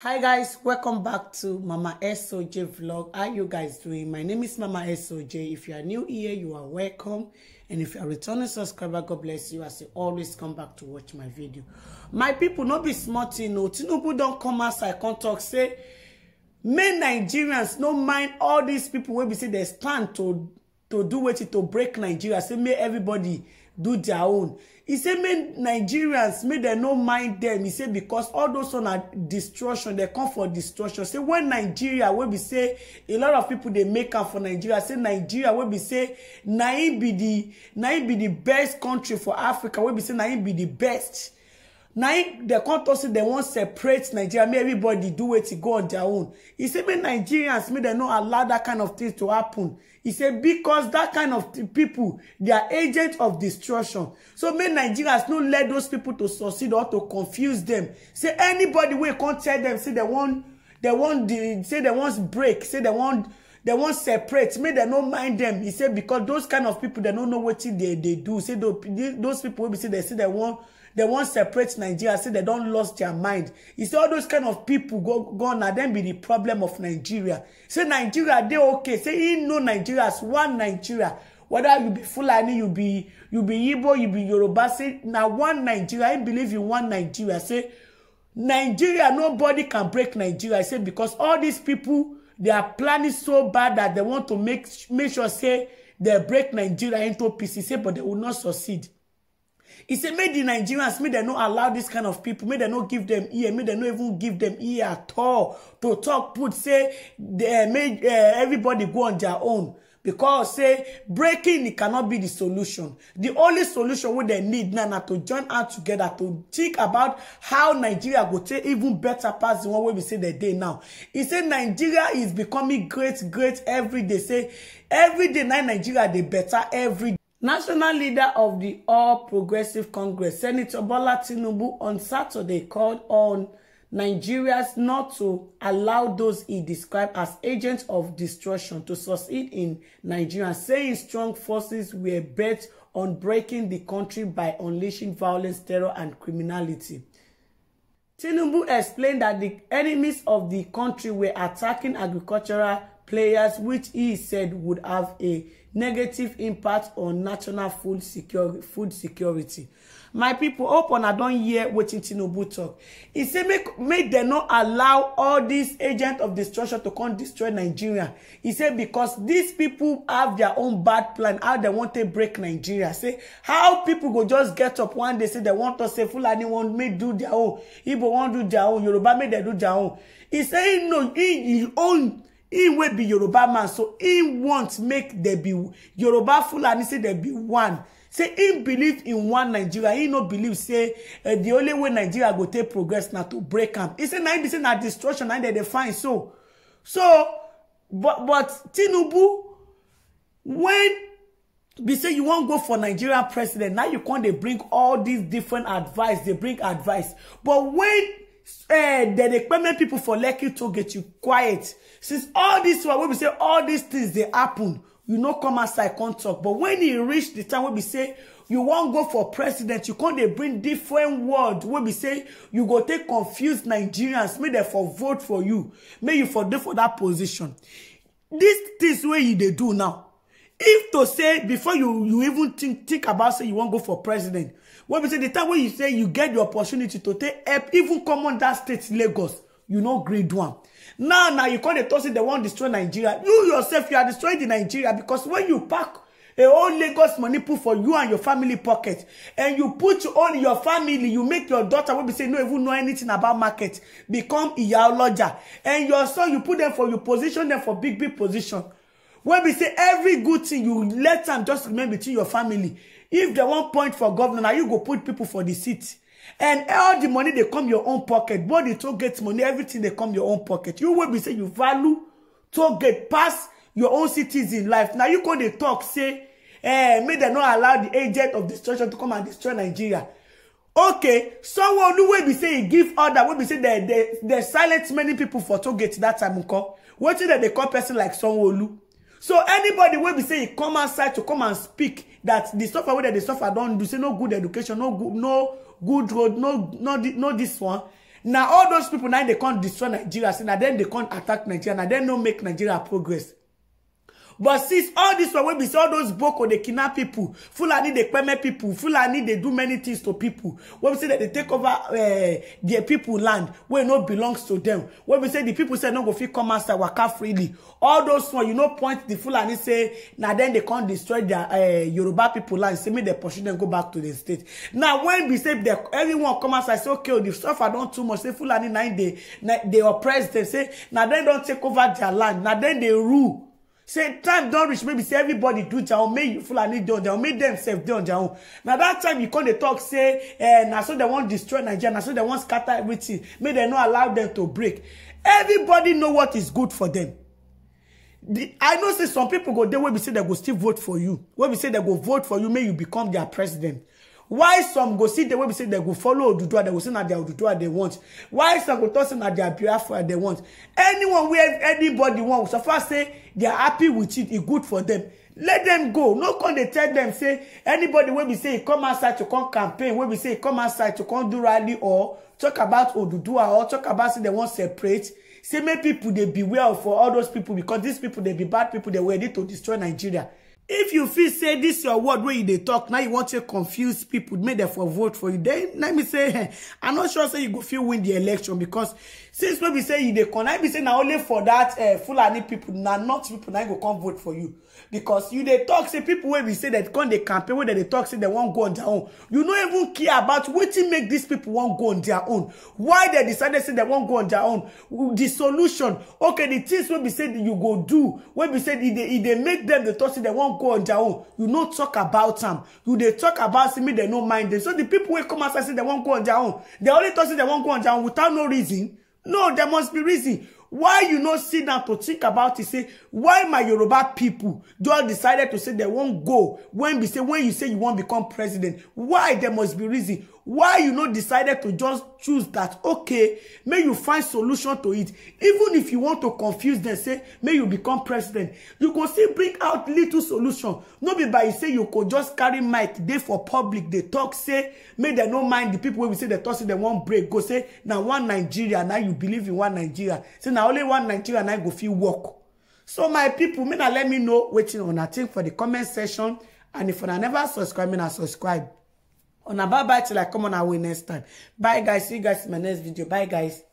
hi guys welcome back to mama soj vlog how you guys doing my name is mama soj if you are new here you are welcome and if you are returning subscriber god bless you as you always come back to watch my video my people not be small you know tinubu don't come outside come talk say may nigerians no mind all these people wey be say they stand to to do wetin to break nigeria say may everybody do their own He say make nigerians make dem no mind dem He say because all those one na destruction dem come for destruction say when nigeria wey be say a lot of people dey make am for nigeria say nigeria wey be say na im be the be the best country for africa wey be say na im be the best na the come they want separate nigeria make everybody do it to go on their own He said, make nigerians make they no allow that kind of thing to happen He said, "Because that kind of people, they are agents of destruction so make nigerians no let those people to succeed or to confuse them. say anybody wey come tell dem say dem wan say they want break say they want, they want separate May they no mind them. He said because those kind of people, they no know what they they do say those people will be say they say they want." they wan separate nigeria say they don't lost their mind e say all those kind of people go now? Then be the problem of nigeria say nigeria they okay say e know nigeria as one nigeria whether you be fulani you be you be igbo you be yoruba say now one nigeria I believe in one nigeria say nigeria nobody can break nigeria I say because all these people they are planning so bad that they want to make make sure say they break nigeria into pieces say but they will not succeed He said, May the Nigerians, may they not allow this kind of people, may they not give them ear, may they not even give them ear at all to talk, put, say, they, eh, may uh, everybody go on their own. Because, say, breaking it cannot be the solution. The only solution what they need now is to join out together to think about how Nigeria go take even better past the one way we say the day now. He said Nigeria is becoming great, great every day. Say, every day Nigeria they better every National leader of the All Progressive Congress, Senator Bola Tinubu, on Saturday called on Nigerians not to allow those he described as agents of destruction to succeed in Nigeria, saying strong forces were bent on breaking the country by unleashing violence, terror, and criminality. Tinubu explained that the enemies of the country were attacking agricultural players, which he said would have a negative impact on national food, security, food security. My people, hope on I don't hear wetin Tinubu talk. He said, make make dem no allow all these agents of destruction to come destroy Nigeria. He said because these people have their own bad plan how they want to break Nigeria. Say how people go just get up one day say they want to say Fulani wan make do their own, Igbo wan do their own, Yoruba make they do their own. He said no, he, he own him wey be yoruba man so him want make there be yoruba fulani say there be one say him believe in one nigeria him no believe say eh, the only way nigeria go take progress na to break am He say na him be say na destruction na dem dey find so so but but tinubu when be say you wan go for nigeria president now you con dey bring all these different advice dey bring advice but when uh, then the permanent people for lucky to get you quiet. Since all this one, we say all these things they happen. You no come outside can't talk. But when e reach the time we be say you won't go for president, you can't they bring different word we be say you go take confused Nigerians, May they for vote for you, May you for dey for that position. These things where you they do now, if to say before you you even think think about say you want go for president what we say the time when you say you get the opportunity to take help even come on that state lagos you know grade one. Now now you call dey talk the one destroy nigeria you yourself you are destroying the nigeria because when you pack a whole lagos money put for you and your family pocket and you put your your family you make your daughter wey be say no even know anything about market become a oloja and your son you put them for you position them for big big position wey be say every good thing you let am just remain between your family if dem wan point for governor na you go put pipo for di seat and all di money dey come your own pocket both di toll gate money everything dey come your own pocket you wey be say you value toll gate pass your own citizen life na you go dey talk say eh make dem no allow di agent of destruction to come and destroy nigeria okay someone who wey be say e give order wey be say dem silent many pipo for toll gate dat time nko wetin dem dey call person like sanwo-olu so anybody wey be say e come outside to come and speak that the suffer wey dem dey suffer don do say no good education no good no good road no no no dis one na all those people na im dey come destroy nigeria say na dem dey come attack nigeria na dem no make nigeria progress but since all dis one wey be all those boko they kidnap people, fulani dey permit people, fulani they do many things to people. wey be say dem dey take over eh, their people land wey no belongs to them. wey be say di pipo say no go fit come outside waka freely all those one you no point the fulani say na then they can't destroy dia eh, yoruba people land say me dem pursue dem go back to the state now when we say everyone come outside say okay o oh, suffer don't too much say fulani na they they oppress them, say na they don't take over their land na then they rule say time don reach maybe say everybody do their own make you full and on their own make themselves dey on their own na that time you come dey talk say eh, na so they want destroy nigeria na so they want scatter everything May they not allow them to break everybody know what is good for them. the, i know say some people go they will be say they go still vote for you wey be say they go vote for you may you become their president why some go see the way we say they go follow Oduduwa, they go say na their Oduduwa they want. Why some go talk say na their Biafra they want. Anyone where anybody want, so far say they are happy with it, it e good for them. Let them go. No come they tell them say anybody where we say e come outside to come campaign, where we say e come outside to come do rally or talk about Oduduwa or talk about say they want separate. Say make people they beware for all those people because these people they be bad people they were ready to destroy Nigeria if you feel say this your word where you they talk now you want to confuse people make them for vote for you then let me say eh, I'm not sure say you go feel win the election because since when we say you they con i be say now only for that eh, full any people now not people now go come vote for you because you they talk say people wey we say that come dey campaign where they talk say they won't go on their own you don't even care about what wetin make these people won't go on their own why they decided say they won't go on their own the solution okay the things wey be say you go do when we say they e they e make them dey talk say they won't go on their own you no talk about them. you they talk about say make dem no mind them. so the people wey come outside say they won't go on their own They only talk say they won't go on their own without no reason no there must be reason why you not sit down to think about it say why my yoruba people just decided to say they wan go when be say when you say you wan become president why there must be reason why you no decided to just choose that okay may you find solution to it even if you want to confuse them, say may you become president you go still bring out little solution no be by say you go just carry mic dey for public dey talk say may they no mind the people wey be say they talk say they wan break go say na one nigeria na you believe in one nigeria say na only one nigeria I go feel work so my people, make let me know Waiting on a thing for the comment section and if una never subscribe make na subscribe una bye bye till i come on our way next time bye guys see you guys in my next video bye guys